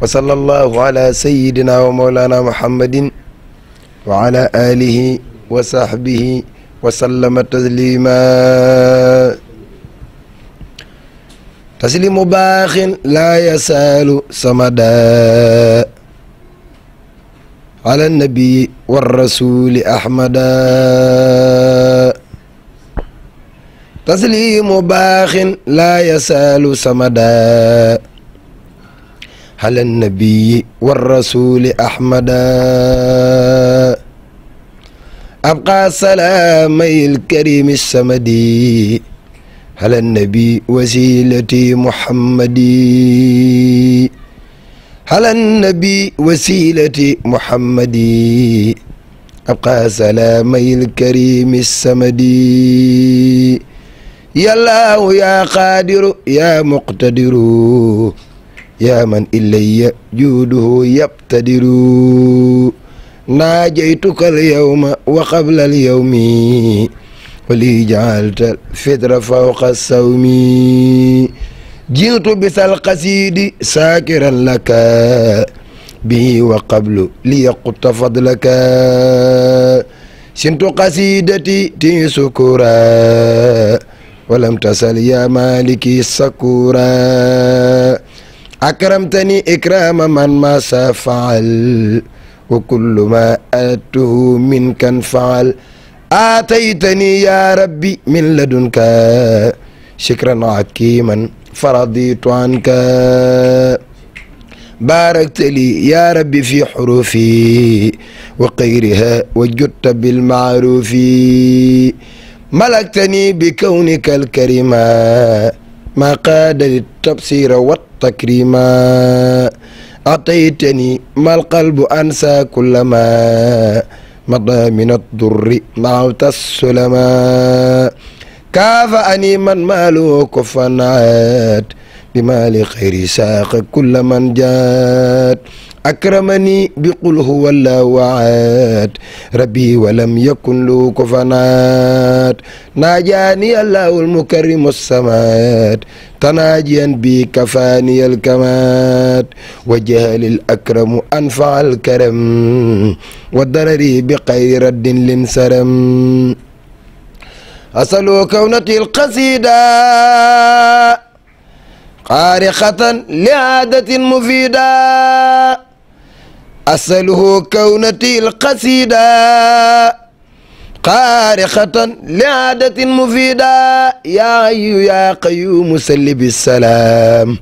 wa sallallahu ala sayyidina wa mawlana muhammadin wa ala alihi wa sahbihi wa sallama taslima taslimu baaxin laa yasaalu samada ala nabii wa rasuli ahmada taslimu baaxin laa yasaalu samada على النبي والرسول أحمدا أبقى سلامي الكريم السمدي على النبي وسيلتي محمدي على النبي وسيلتي محمدي أبقى سلامي الكريم السمدي يا الله يا قادر يا مقتدر yaa man ilayya juuduhu yabtadiru naajaytukal yawma wa qablal yawmi wali jaalta fitra fawqa sawmi jiitu bisal qasiidi saakiran laka bihi wa qablu liyaqutta fadlaka sintu qasiidati ti sukura walam tasal yaa maliki sakura akramtani ikrama man ma sa faal wa kullu ma attuhu min kan faal aataytani ya rabbi min ladunka shikran hakiman faraditu anka barakta li ya rabbi fi xurufi wa xayriha wa jutta bilmaarufi malaktani bi kawnika alkarima ma qaada litabsira wat تكريما أعطيتني ما القلب أنسى كلما مضى من الضر نعوت السلما كافأني من ماله كفا عاد بمال خير ساق كل من جاد أكرمني بقل هو الله وعاد ربي ولم يكن له كفنات ناجاني الله المكرم السماد تناجيا بي كفاني الكماد وجهل الأكرم أنفع الكرم وضرري بغير رد لنسرم أصل كونتي القصيدة قارخة لعادة مفيدة أصله كونتي القصيدة xaarixatan li aadatin mufida yaa ayu yaa qayumu salli bisalaam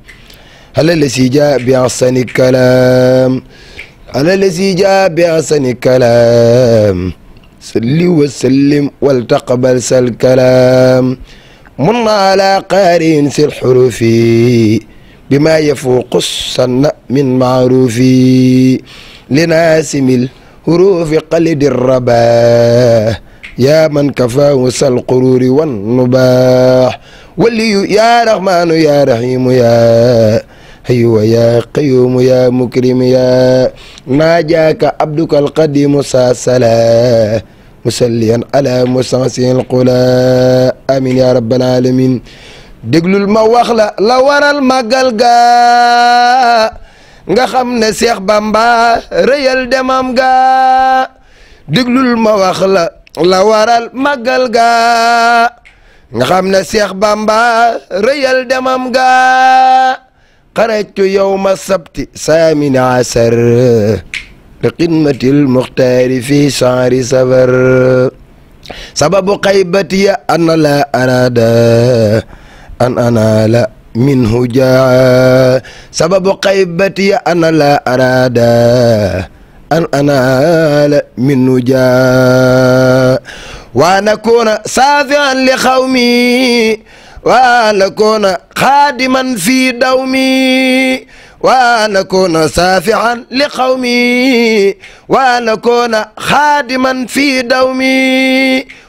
ala lasi jaa bi ahsani kalaam ala lasi jaa bi ahsani kalaam salli wa sallim wal taqbal sal kalaam mun na ala qaarin sil xurufi bima yafuuqu sanna min maarufi linaasimil hurufi qalidi rabaa يا من كفى وسى القرور والنباح ولي يا رحمن يا رحيم يا أيوة يا قيوم يا مكرم يا ناجاك عبدك القديم ساسلا مسليا على مستغسل القلا آمين يا رب العالمين déglul ma wax la la waral màggal ga nga xam ne Seex Bamba rëyal demam ga déglul ma wax la la waral màggal ga nga xam ne Seex Bamba rëyal demam ga xarajtu yowma sabti saamin asar li xidmatil muxtaari fi sanri safar sababu xaybatiya ana la arada an ana la arada an وأن أكون سافعا لقومي وأن أكون خادما في دومي وأن أكون سافعا لقومي وأن أكون خادما في دومي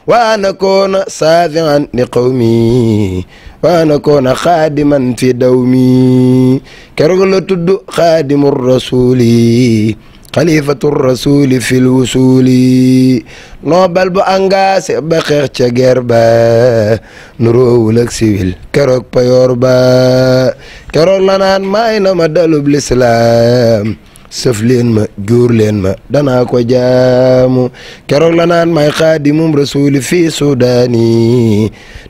وأن أكون سافعا لقومي وأن أكون خادما في دومي كرغلة الدو خادم الرسول xalifatu rasuli fil wusuli noobal bu engagé ba xeex ca guerre ba nuroowul ak payoor ba keroog la naan na ma dalub lislaam sëf leen ma juur leen ma danaa ko jaamu keroog la naan may rasuli fii sudaani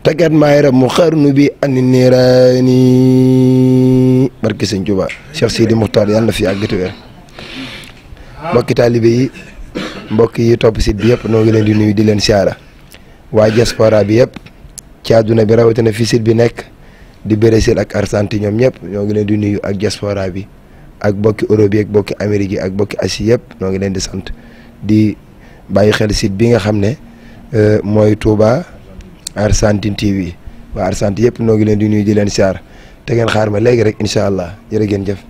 takat may rab mu xarnu bi ani niiraani barki sëñ Tuubaa Cheikh Sidi Muxtaar yàlla na fi àggati weer mbokki taalibe yi mbokk yi topp site bi yëpp noo ngi leen di nuyu di leen siyaara waa diaspora bi yëpp ci àdduna bi rawatina fi site bi nekk di Brésil ak Argentine ñoom ñëpp ñoo ngi leen di nuyu ak diaspora bi ak bokki Europe yi ak bokki Amérique yi ak bokki Asie yëpp ñoo ngi leen di sant di bàyyi xel site bi nga xam ne euh, mooy Touba Argentine TV waa Argentine yëpp noo ngi leen di nuyu di leen siyaar te ngeen xaar ma léegi rek incha allah jërë ngeen jëf.